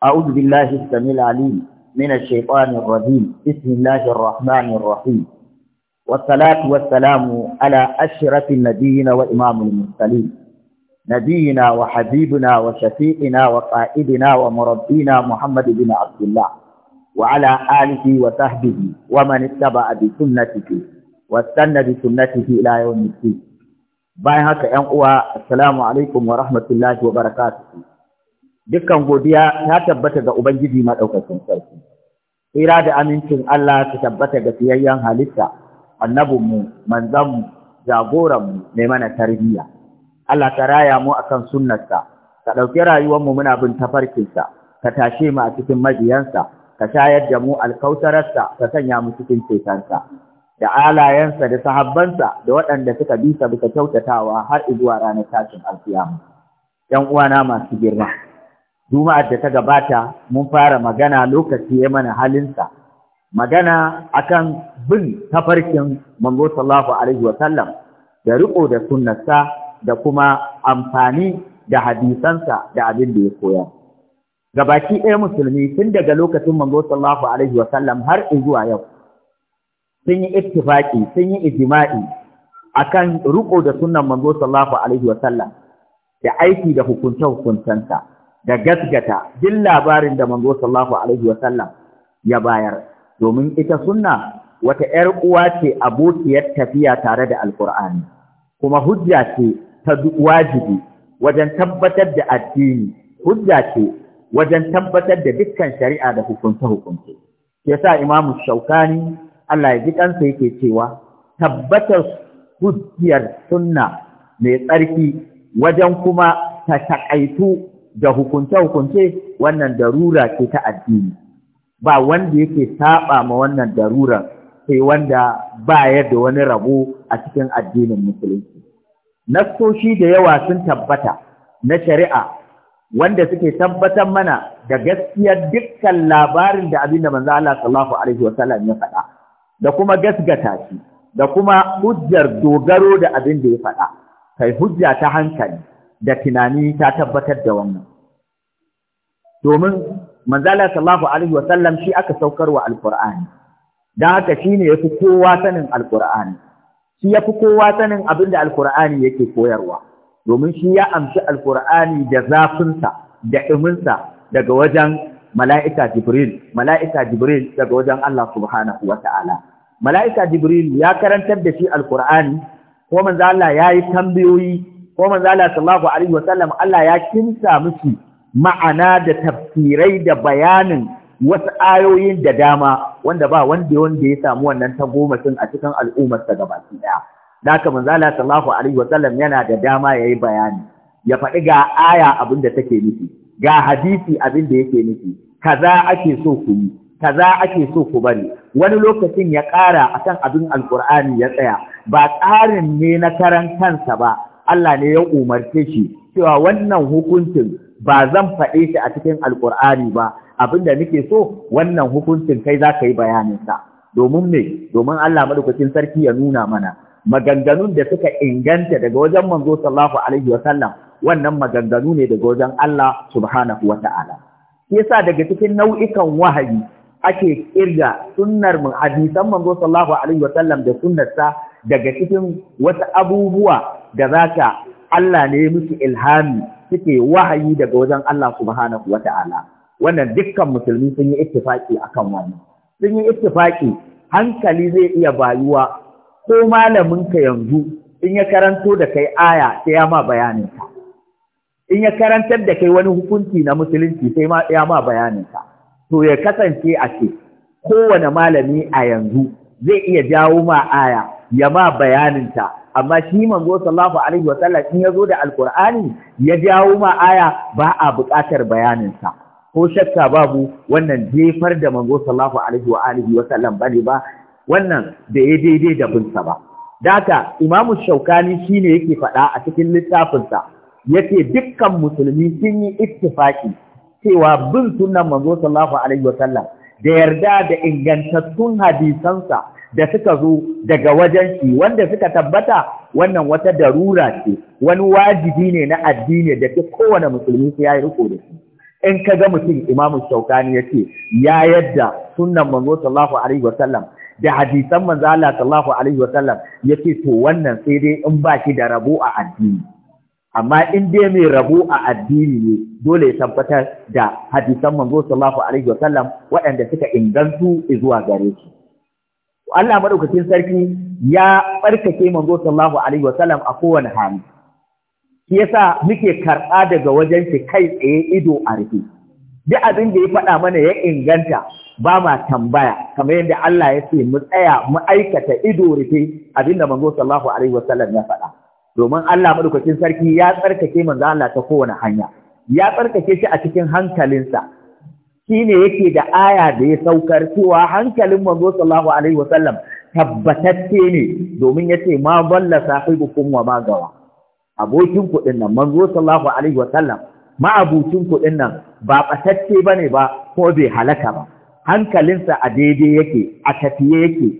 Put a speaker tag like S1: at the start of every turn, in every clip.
S1: أعوذ بالله السميع العليم من الشيطان الرجيم بسم الله الرحمن الرحيم والصلاة والسلام على أشرف النبيين وإمام المرسلين نبينا وحبيبنا وشفيقنا وقائدنا ومربينا محمد بن عبد الله وعلى آله وصحبه ومن اتبع بسنته واستنى بسنته إلى يوم الدين باي هكا السلام عليكم ورحمة الله وبركاته dukkan godiya ta tabbata ga Ubangiji maɗaukakin sarki. Tsira da amincin Allah ta tabbata ga siyayyen halitta, annabinmu, manzanmu, jagoranmu mai mana tarbiyya. Allah ta raya mu kan sunnarsa, ka ɗauki rayuwarmu muna bin tafarkinsa, ka tashe mu a cikin majiyansa, ka shayar da mu alkautararsa, ka sanya mu cikin cetonsa. Da alayensa da sahabbansa da waɗanda suka bisa bisa kyautatawa har zuwa ranar tashin alkiyama. ‘Yan uwana masu girma. Juma'ar da ta gabata mun fara magana lokaci ya mana halinsa, magana akan bin tafarkin manzo sallallahu Alaihi wasallam da riko da sunnarsa da kuma amfani da hadisansa da abin da ya koya. Gabaki ɗaya musulmi tun daga lokacin manzo sallallahu Alaihi wasallam har zuwa yau, sun yi ittifaki, sun yi ijima'i akan riko da sunan manzo sallallahu Alaihi wasallam da aiki da hukunce-hukuncensa. da gasgata duk labarin da manzo sallallahu alaihi wasallam ya bayar domin ita sunna wata ‘yar uwa ce abokiyar tafiya tare da alkur'ani kuma hujja ce ta wajibi wajen tabbatar da addini hujja ce wajen tabbatar da dukkan shari'a da hukunce-hukunce ke sa imamu shaukani Allah ya ji kansa yake cewa tabbatar hujjiyar sunna mai tsarki wajen kuma ta takaitu. da hukunce-hukunce wannan darura ce ta addini ba wanda yake saba ma wannan darurar sai wanda ba ya da wani rabo a cikin addinin musulunci nassoshi da yawa sun tabbata na shari'a wanda suke tabbatar mana da gaskiyar dukkan labarin da abinda da manzo Allah sallallahu alaihi sallam ya faɗa da kuma gasgata shi da kuma hujjar dogaro da abin da ya faɗa kai hujja ta hankali da tunani ta tabbatar da wannan domin manzala sallallahu alaihi wa sallam shi aka saukar saukarwa alqur'ani dan haka shine yafi kowa sanin alqur'ani shi yafi kowa sanin abin da alqur'ani yake koyarwa domin shi ya amshi alqur'ani da zafinsa da iminsa daga wajen mala'ika jibril mala'ika jibril daga wajen Allah subhanahu wa ta'ala mala'ika jibril ya karantar da shi alqur'ani ko Manzala Allah yi tambayoyi ko manzo Allah sallallahu alaihi wasallam Allah ya kinta musu ma'ana da tafsirai da bayanin wasu ayoyin da dama wanda ba wanda wanda ya samu wannan tagomashin a cikin al'ummar sa gabaki daya da haka manzo Allah sallallahu alaihi wasallam yana da dama yayi bayani ya faɗi ga aya abin da take nufi ga hadisi abin da yake nufi kaza ake so ku yi kaza ake so ku bari wani lokacin ya ƙara akan abin alkur'ani ya tsaya ba tsarin ne na karan kansa ba Allah ne ya umarce shi cewa wannan hukuncin ba zan faɗe shi a cikin alkur'ani ba abinda nake so wannan hukuncin kai za ka yi bayaninsa domin me domin Allah madaukakin sarki ya nuna mana maganganun da suka inganta daga wajen manzo sallallahu alaihi wa sallam, wannan maganganu ne daga wajen Allah subhanahu ta'ala. yasa daga cikin nau'ikan wahayi ake kirga sunnar mun hadisan manzo sallallahu alaihi wa sallam da sunnarsa daga cikin wasu abubuwa da za zaka Allah ne musu ilhami suke wahayi daga wajen Allah subhanahu wata'ala wannan dukkan musulmi sun yi ittifaki a kan wani. sun yi ittifaki hankali zai iya bayuwa ko malaminka yanzu in ya karanto da kai aya sai ya ma bayanin in ya karantar da kai wani hukunci na musulunci sai ya ma bayanin to ya kasance a ce kowane malami a yanzu zai iya jawo ma aya ya ma bayaninta amma shi manzo sallallahu alaihi wa sallam in yazo da alqur'ani ya jawo ma aya ba a buƙatar bayaninsa ko shakka babu wannan jefar da manzo sallallahu alaihi wa alihi wa sallam bane ba wannan da ya daidai da binsa ba daka imamu shaukani shine yake faɗa a cikin littafinsa yake dukkan musulmi sun yi ittifaki cewa bin sunan manzo sallallahu alaihi wa sallam da yarda da ingantattun hadisansa da suka zo daga wajen shi wanda suka tabbata wannan wata darura ce wani wajibi ne na addini da duk kowane musulmi sai ya yi riko da shi in ka ga mutum imamu shaukani ya ce ya yadda sunnan manzo sallallahu alaihi wa sallam da hadisan manzo Allah sallallahu alaihi sallam ya ce to wannan sai dai in ba da rabo a addini amma in dai mai rabo a addini ne dole ya tabbatar da hadisan manzo sallallahu alaihi wa sallam waɗanda suka ingantu zuwa gare shi Allah madaukakin sarki ya barkake manzo sallallahu alaihi wa sallam a kowane hali shi yasa muke karɓa daga wajen shi kai tsaye ido a rufe duk abin da ya faɗa mana ya inganta ba ma tambaya kamar yadda Allah ya ce mu tsaya mu aikata ido rufe abin da manzo sallallahu alaihi wa sallam ya faɗa domin Allah madaukakin sarki ya tsarkake manzo Allah ta kowane hanya ya tsarkake shi a cikin hankalinsa Shi ne yake da aya da ya saukar cewa hankalin manzo sallallahu alaihi wasallam tabbatacce ne domin yace ma balla sahibukum wa ma gawa abokin kuɗin nan manzo sallallahu alaihi wasallam abokin kuɗin nan ba ɓatacce ba ne ba ko bai halaka ba hankalinsa a daidai yake a tafiye yake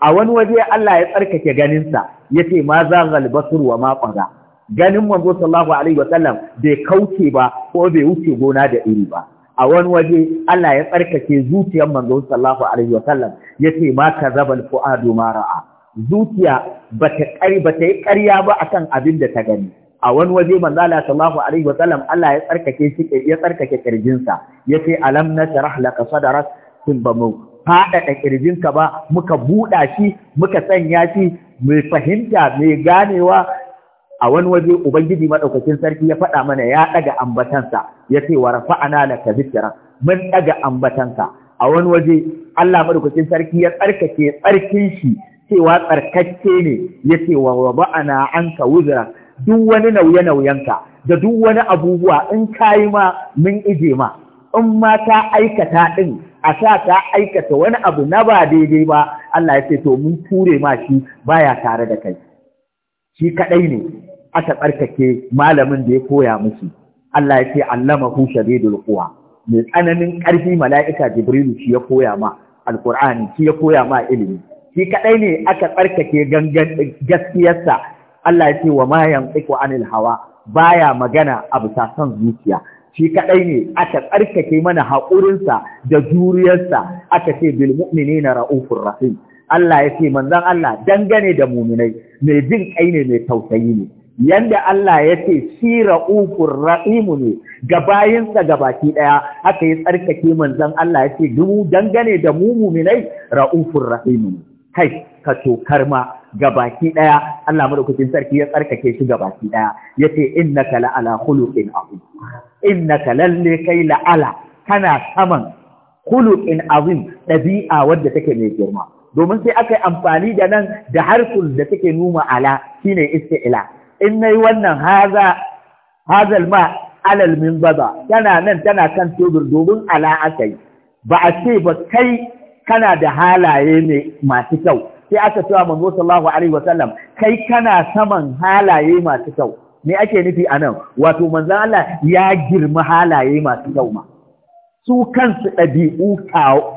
S1: a wani waje Allah ya tsarkake ganinsa ya ce ma za galbasur wa ma ganin manzo sallallahu alaihi wasallam bai kauce ba ko bai wuce gona da iri ba a wani waje Allah ya tsarkake zuciyar manzo sallallahu alaihi wasallam ya ce ma ka kazaba alfuadu ma ra'a zuciya bata kari bata yi ƙarya ba akan abin da ta gani a wani waje manzo Allah sallallahu alaihi wasallam Allah ya tsarkake shi ya tsarkake kirjinsa yace alam nashrah laka sadrak sun ba mu faɗaɗa ƙirjinka ba muka buɗa shi muka sanya shi mai fahimta mai ganewa a wani waje ubangiji maɗaukakin sarki ya faɗa mana ya ɗaga ambatansa ya ce wa rafa'ana ka zikira mun ɗaga ambatanka a wani waje Allah maɗaukakin sarki ya tsarkake tsarkin shi cewa tsarkake ne ya ce wa an anka wuzira duk wani nauye-nauyenka da duk wani abubuwa in kayi ma mun ije ma in ma ta aikata ɗin a sa ta aikata wani abu na ba daidai ba Allah ya ce to mun ture ma shi baya tare da kai shi kadai ne aka tsarkake malamin da ya koya musu Allah ya ce allamahu shadidul quwa mai tsananin ƙarfi mala'ika jibrilu shi ya koya ma alqur'ani shi ya koya ma ilimi shi kaɗai ne aka tsarkake gangan gaskiyarsa Allah ya ce wa ma yantiqu anil hawa baya magana abu ta son zuciya shi kaɗai ne aka tsarkake mana haƙurinsa da juriyarsa aka ce bil na ra'ufur rahim Allah ya ce manzon Allah dangane da muminai mai jin kai ne mai tausayi ne yanda Allah ya ce shi ra'ufur rahimu ne ga bayinsa ga baki daya haka ya tsarkake manzon Allah ya ce mu dangane da mu muminai ra'ufur rahimu ne kai ka tokar ma ga baki daya Allah madaukakin sarki ya tsarkake shi ga baki daya yace innaka la ala khuluqin azim innaka lalle kai la'ala kana saman khuluqin azim dabi'a wadda take mai girma domin sai aka yi amfani da nan da harkul da take numa ala shine isti'la in nayi wannan haza hazal ma alal min bada tana nan tana kan tebur domin ala akai ba a ce ba kai kana da halaye ne masu kyau sai aka cewa manzo sallallahu alaihi wasallam kai kana saman halaye masu kyau me ake nufi a nan wato manzan Allah ya girma halaye masu kyauma su kansu ɗabi'u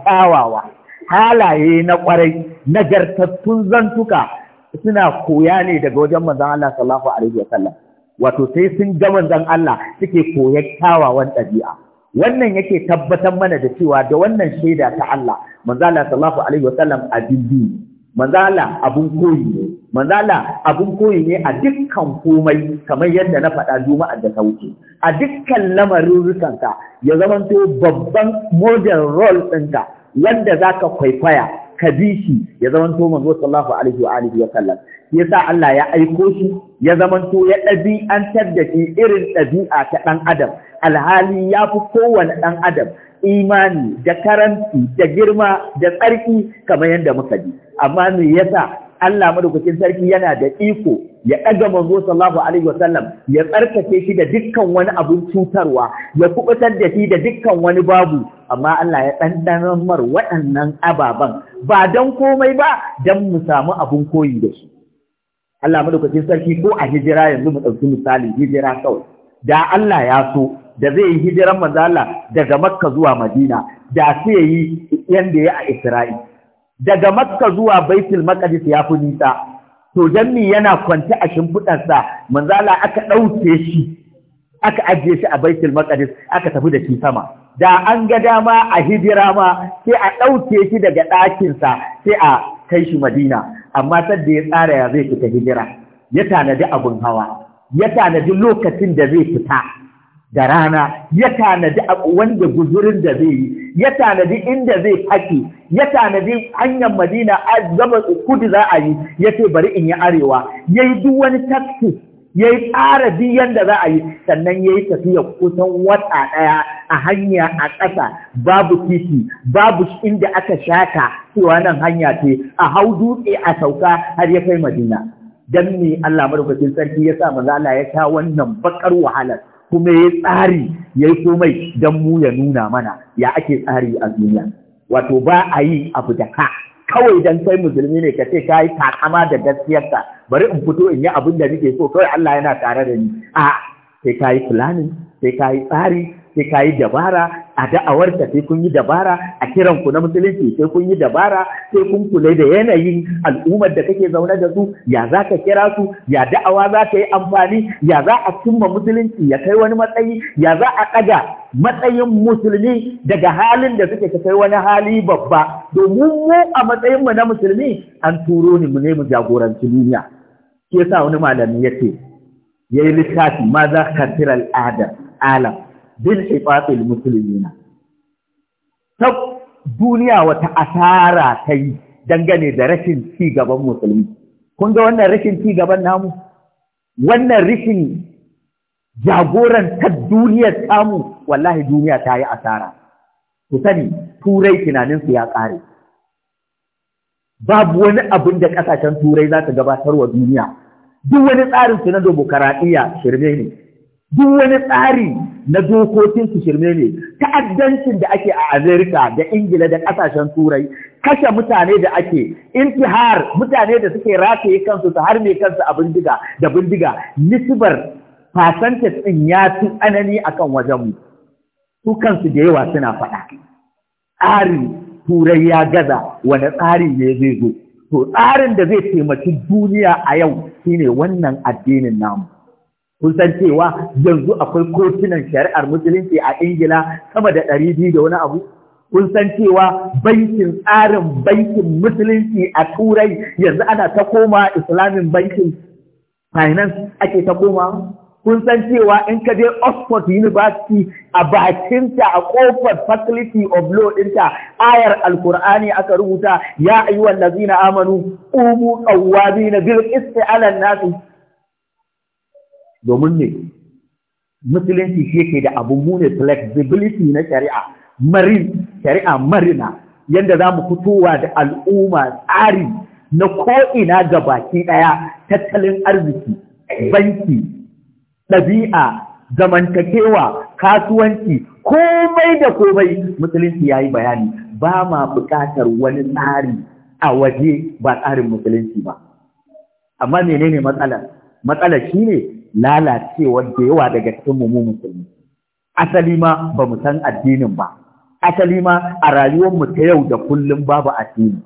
S1: kawawa halaye na ƙwarai nagartattun zantuka suna koya ne daga wajen manzan Allah sallallahu alaihi wa sallam wato sai sun ga manzan Allah suke koyar kawawan ɗabi'a wannan yake tabbatar mana da cewa da wannan shaida ta Allah manzan Allah sallallahu alaihi wa sallam abin biyu manzala abun koyi ne manzala abun koyi ne a dukkan komai kamar yadda na faɗa juma'a da ta wuce a dukkan lamarin rukanka ya zamanto babban "model role ɗinka wanda za ka kwaikwaya ka bi shi ya zamanto manzo sallallahu alaihi wa alihi wa sallam sa Allah ya aiko shi ya zamanto ya ɗabi'antar da shi irin ɗabi'a ta ɗan adam alhali ya fi kowane ɗan adam imani da karanti da girma da tsarki kamar yadda muka ji amma me yasa Allah madaukakin sarki yana da iko ya ɗaga manzo sallallahu alaihi wasallam ya tsarkake shi da dukkan wani abun cutarwa ya kubutar da shi da dukkan wani babu amma Allah ya ɗanɗanar mar waɗannan ababen ba don komai ba don mu samu abun koyi da shi Allah madaukakin sarki ko a hijira yanzu mu ɗauki misali hijira kawai da Allah ya so da zai yi hijiran Manzala daga Makka zuwa Madina da sai yi yanda ya a Isra'i daga Makka zuwa Baitul Maqdis ya fi nisa to dan yana kwance a shimfiɗarsa, manzo Allah aka dauke shi aka ajiye shi a Baitul Maqdis aka tafi da shi sama da an ga dama a hijira ma sai a ɗauke shi daga ɗakinsa sai a kai shi Madina amma sadda ya tsara ya zai fita hijira ya tanadi abun hawa ya tanadi lokacin da zai fita da rana ya tanadi wanda guzurin da zai yi ya tanadi inda zai haƙi ya tanadi hanyar madina a gaba kudu za a yi ya ce bari in yi arewa ya yi duk wani taksi ya yi tsara biyan da za a yi sannan ya yi tafiya kusan wata ɗaya a hanya a ƙasa babu titi babu inda aka shata cewa nan hanya ce a hau dutse a sauka har ya kai madina dan me Allah madaukakin sarki ya sa manzo Allah ya sha wannan bakar wahalar kuma ya tsari ya yi komai don mu ya nuna mana ya ake tsari a duniya wato ba a yi abu da ka kawai don kai musulmi ne ka ce ka yi takama da gaskiyarka bari in fito in yi abin da nake so kawai Allah yana tare da ni a sai ka yi planning sai ka yi tsari sai ka yi dabara a da'awarka sai kun yi dabara a kiran ku na musulunci sai kun yi dabara sai kun kula da yanayin al'ummar da kake zaune da su ya za ka kira su ya da'awa za ka yi amfani ya za a cimma musulunci ya kai wani matsayi ya za a ɗaga matsayin musulmi daga halin da suke kai wani hali babba domin mu a matsayin mu na musulmi an turo ni mu ne mu jagoranci duniya shi yasa wani malami yace yayi littafi ma za ka tira al'ada alam bil musulmi muslimina ta duniya wata asara ta yi dangane da rashin ci gaban musulmi kun ga wannan rashin ci gaban namu wannan rashin jagoran ta duniyar samu wallahi duniya ta yi asara ku sani turai tunaninsu ya ƙare babu wani abin da ƙasashen turai za ta gabatar wa duniya duk wani tsarin su na dimokuraɗiyya shirme ne duk wani tsari na dokokin su shirme ne ta'addancin da ake a Amerika da Ingila da kasashen Turai kashe mutane da ake intihar mutane da suke rataye kansu su harme kansu a bindiga da bindiga nisbar percentage din ya fi tsanani akan wajenmu su kansu da yawa suna faɗa tsari Turai ya gaza wani tsari ne zai zo to tsarin da zai taimaki duniya a yau shine wannan addinin namu kun san cewa yanzu akwai kotunan shari'ar musulunci a ingila sama da ɗari biyu da wani abu kun san cewa bankin tsarin bankin musulunci a turai yanzu ana ta koma islamin bankin finance ake ta koma kun san cewa in ka je oxford university a bakinta a kofar faculty of law ɗinta ayar alkur'ani aka rubuta ya ayi na amanu umu na bil qisti 'alan nasi domin ne musulunci shi yake da abu mune flexibility na shari'a marin shari'a marina yadda za mu fitowa da al'umma tsari na ko'ina ga baki ɗaya tattalin arziki banki ɗabi'a zamantakewa kasuwanci komai da komai musulunci ya yi bayani ba ma buƙatar wani tsari a waje ba tsarin musulunci ba amma menene matsalar matsalar shine lalacewar da yawa daga cikin mu musulmi asali ma ba mu san addinin ba asali ma a rayuwar mu ta yau da kullum babu addini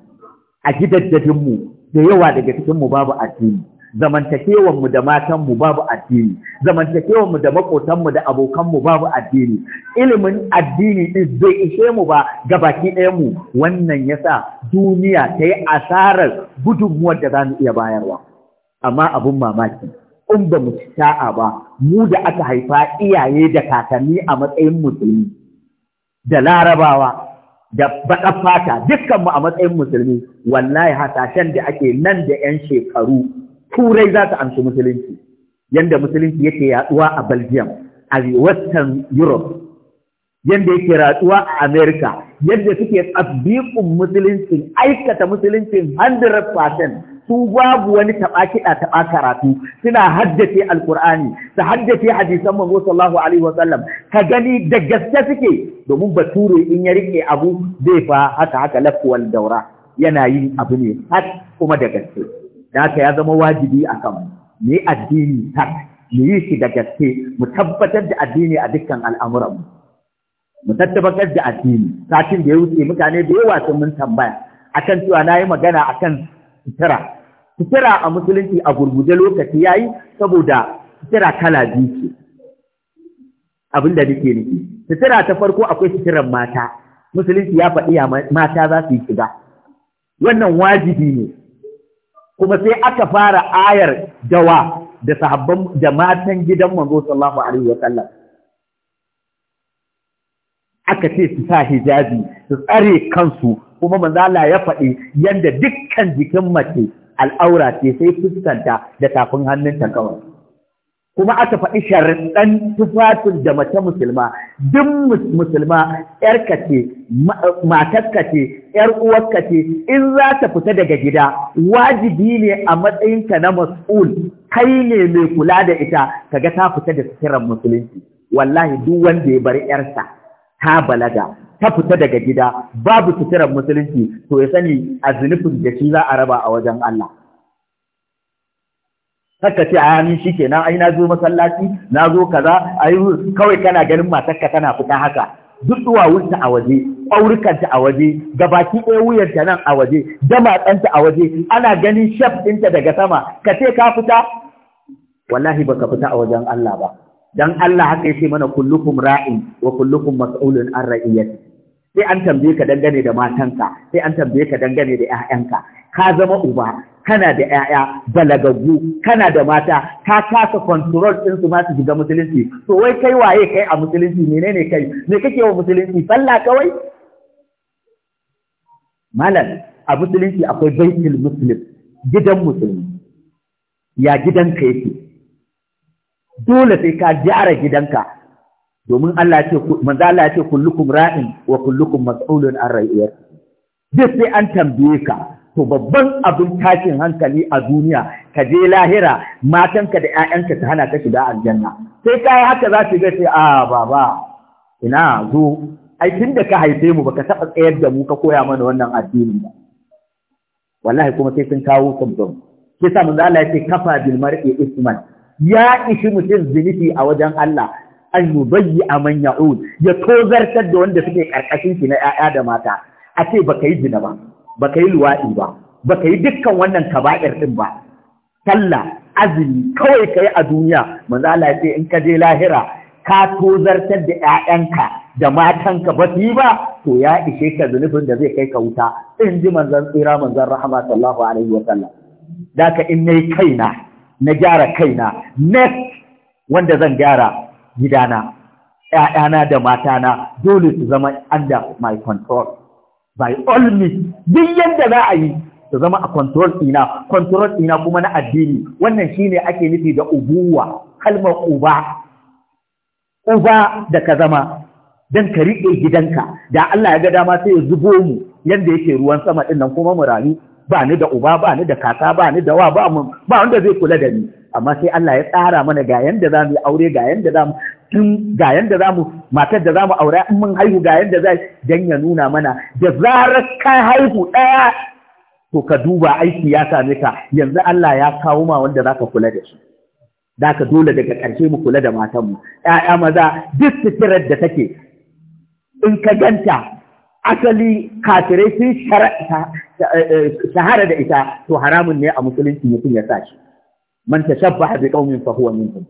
S1: a gidajjadin mu da yawa daga cikin mu babu addini zamantakewar mu da matan mu babu addini zamantakewar mu da makotan mu da abokan mu babu addini ilimin addini din zai ishe mu ba gabaki baki ɗayan mu wannan yasa duniya ta yi asarar gudunmuwar da za mu iya bayarwa amma abun mamaki in ba mu ci sa'a ba mu da aka haifa iyaye da kakanni a matsayin musulmi da larabawa da baƙar fata dukkanmu a matsayin musulmi wallahi hasashen da ake nan da 'yan shekaru turai za ta amshi musulunci yanda musulunci yake yaduwa a belgium a western europe yanda yake raduwa a america yadda suke tsabbiƙin musuluncin aikata musuluncin 100% su babu wani taɓa kiɗa taɓa karatu suna haddace alkur'ani su haddace hadisan manzo sallallahu alaihi wa sallam ka gani da gaske suke domin bature in ya rike abu zai fa haka haka lafu wal daura yana yin abu ne har kuma da gaske da haka ya zama wajibi a kan mu addini tak mu yi shi da gaske mu tabbatar da addini a dukkan al'amuran mu mu da addini satin da ya wuce mutane da yawa sun mun tambaya akan cewa na yi magana akan fitira sutura a musulunci a gurguje lokaci yayi saboda sutura kala biyu ce abin da nake nufi sutura ta farko akwai fitirar mata musulunci ya faɗi mata za su yi shiga wannan wajibi ne kuma sai aka fara ayar dawa da sahabban da matan gidan manzo sallallahu alaihi wa aka ce su sa hijabi su tsare kansu kuma manzala ya faɗi yadda dukkan jikin mace al'aura ce sai fuskanta da tafin hannunta kawai kuma aka faɗi sharaɗan tufafin da mace musulma duk musulma 'yarka ce matarka ce ƴar uwarka ce in za ta fita daga gida wajibi ne a matsayinka na mas'ul kai ne mai kula da ita kaga ta fita da sitirar musulunci wallahi duk wanda ya bari 'yarsa. ta balaga ta fita daga gida babu suturar musulunci to ya sani a zunufin da shi za a raba a wajen Allah Saka ce a yanin shi kenan ai na zo masallaci na zo kaza A yi kawai kana ganin matarka tana fita haka duk duwawunta a waje ƙaurukanta a waje gabaki ɗaya wuyanta nan a waje ɗanta a waje ana ganin shaf ɗinta daga sama ka ce ka fita wallahi baka fita a wajen Allah ba dan Allah haka yace mana kullukum ra'in wa kullukum mas'ulun an ra'iyati sai an tambaye ka dangane da matanka sai an tambaye ka dangane da ƴaƴanka ka zama uba kana da ƴaƴa balagaggu kana da mata ka kasa control din su ma su shiga musulunci to wai kai waye kai a musulunci menene kai me kake wa musulunci sallah kawai malam a musulunci akwai baitul muslim gidan musulmi ya gidanka yake dole sai ka gyara gidanka domin Allah ce manzo Allah ce kullukum ra'in wa kullukum mas'ulun an ra'iyar duk sai an tambaye ka to babban abin tashin hankali a duniya ka je lahira matanka da ƴaƴanka ta hana ka shiga aljanna sai kai haka za su ga sai a ah, baba ina zo ai tunda ka haife mu baka taba tsayar da mu ka koya mana wannan addini ba wallahi kuma sai sun kawo sabbin Kisa manzo Allah ya ce kafa bil mar'i isman ya ishi mutum zinifi a wajen Allah an yubayyi a man ya'ud ya tozartar da wanda suke karkashin shi na 'ya'ya da mata a ce baka yi zina ba baka yi luwaɗi ba baka yi dukkan wannan kaba'ir din ba sallah azumi kawai kai a duniya manzo Allah ya ce in ka je lahira ka tozartar da 'ya'yanka da matanka ba su yi ba to ya ishe ka zunubin da zai kai ka wuta in ji manzon tsira manzon rahama sallallahu alaihi wa sallam da ka in nayi kaina na gyara kaina next wanda zan gyara gidana ‘ya'yana da matana dole su zama under my control by all means duk yadda za a yi su zama a control ɗina control ɗina kuma na addini wannan shine ake nufi da ubuwa kalmar uba uba da ka zama don ka riƙe gidanka da Allah ya ga dama sai ya zubo mu yadda yake ruwan sama ɗin kuma mu rayu ba ni da uba ba ni da kaka ba ni da wa ba ba wanda zai kula da ni amma sai Allah ya tsara mana ga yanda zamu yi aure ga yanda zamu tun ga yanda zamu matar da zamu aure in mun haihu ga yanda zai dan ya nuna mana da zarar ka haihu daya to ka duba aiki ya same ka yanzu Allah ya kawo ma wanda zaka kula da shi da ka dole daga ƙarshe mu kula da mu ‘ya'ya maza duk fitirar da take in ka ganta asali kafirai sun shahara da ita to haramun ne a musulunci mutum ya sa shi man tashabbaha bi qaumin fa huwa minhum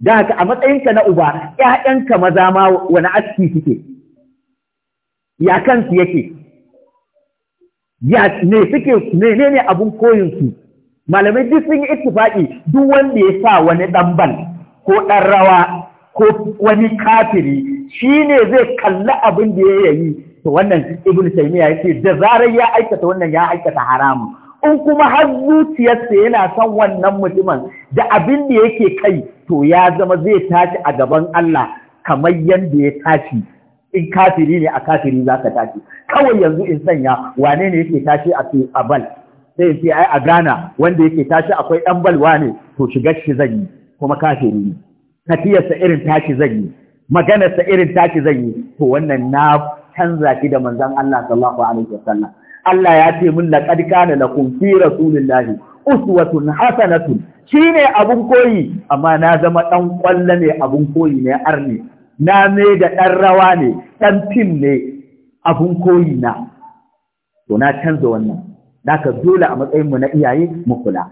S1: da haka a matsayinka na uba ƴaƴanka maza ma wani aski suke ya kansu yake ya ne suke menene abun koyin su malamai duk sun yi ittifaqi duk wanda ya sa wani ɗanbal ko ɗan rawa ko wani kafiri shine zai kalla abin da ya to wannan ibnu taymiya yace da zarar ya aikata wannan ya aikata haramun in kuma har zuciyarsa yana son wannan mutumin da abin da yake kai to ya zama zai tashi a gaban Allah kamar yadda ya tashi in kafiri ne a kafiri za ka tashi kawai yanzu in sanya wane ne yake tashi a bal sai ce ai a Ghana wanda yake tashi akwai ɗan balwa ne to shigar shi zan yi kuma kafiri ne tafiyarsa irin tashi zan yi maganarsa irin tashi zan yi to wannan na canza ki da manzan Allah sallallahu alaihi wasallam Allah ya ce min laqad kana lakum fi rasulillahi uswatun hasanatun shine abun koyi amma na zama dan kwalla ne abun koyi ne arni na me da dan rawa ne dan fim ne abun koyi na to na canza wannan ka dole a matsayin mu na iyaye mu kula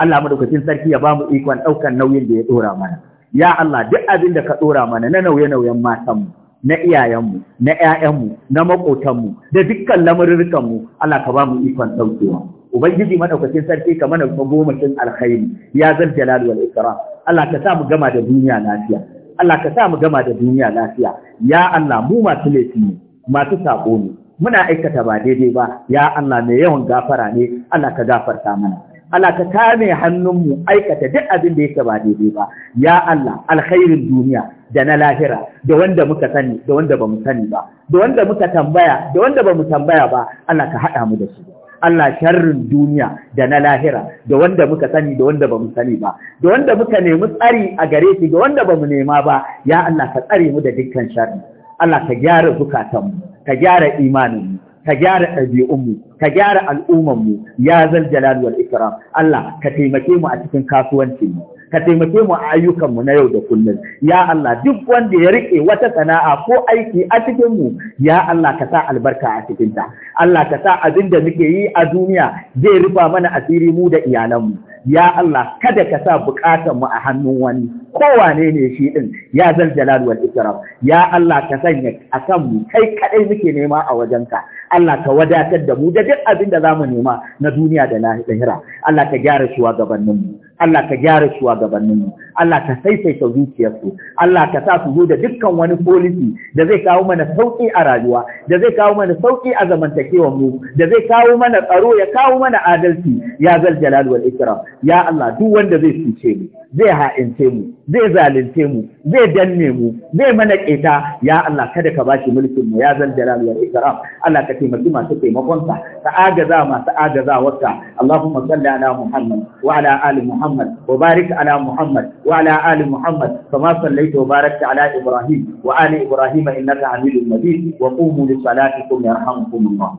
S1: Allah madaukakin sarki ya bamu ikon daukan nauyin da ya dora mana ya Allah duk abin da ka dora mana na nauye-nauyen matan mu na iyayenmu na ƴaƴanmu na maƙotanmu da dukkan lamurrukanmu Allah ka ba mu ikon ɗaukewa ubangiji madaukakin sarki ka mana gomashin alkhairi ya zal jalal wal ikram Allah ka sa mu gama da duniya lafiya Allah ka sa mu gama da duniya lafiya ya Allah mu masu laifi ne masu sako ne muna aikata ba daidai ba ya Allah mai yawan gafara ne Allah ka gafarta mana Allah ka kame hannunmu aikata duk abin da yake ba daidai ba ya Allah alkhairin duniya da na lahira da wanda muka sani da wanda ba mu sani ba da wanda muka tambaya da wanda ba mu tambaya ba Allah ka haɗa mu da su Allah sharrin duniya da na lahira da wanda muka sani da wanda ba mu sani ba da wanda muka nemi tsari a gare shi da wanda ba mu nema ba ya Allah ka tsare mu da dukkan sharri Allah ka gyara zukatanmu ka gyara imanin mu ka gyara ɗabi'unmu ka gyara al'ummanmu ya zal jalal wal ikram Allah ka taimake mu a cikin kasuwancinmu ka taimake mu a ayyukanmu na yau da kullum ya Allah duk wanda ya rike wata sana'a ko aiki a cikin mu ya Allah ka sa albarka a cikin ta Allah ka sa abin da muke yi a duniya zai rufa mana asiri mu da iyalanmu ya Allah kada ka sa bukatan mu a hannun wani kowane ne shi ɗin? ya zan jalal wal ikram ya Allah ka sanya akan mu kai kadai muke nema a wajenka Allah ka wadatar da mu da duk abin da zamu nema na duniya da lahira Allah ka gyara shugabannin mu Allah ka gyara shugabannin mu Allah ka saisaita zuciyarsu Allah ka sa su zo da dukkan wani policy da zai kawo mana sauki a rayuwa da zai kawo mana sauki a zamantakewar mu da zai kawo mana tsaro ya kawo mana adalci ya zal jalal wal ikram ya Allah duk wanda zai cuce mu zai ha'ince mu zai zalunce mu zai danne mu zai mana ƙeta ya Allah kada ka bashi mulkin mu ya zal jalal wal ikram Allah ka taimaki masu taimakon ka ka agaza masu agazawarka Allahumma salli ala Muhammad wa ala ali Muhammad wa barik ala Muhammad wa ala ali Muhammad kama sallaita wa barakta ala Ibrahim wa ali Ibrahim innaka Hamidum Majid wa qumu li salatikum yarhamukumullah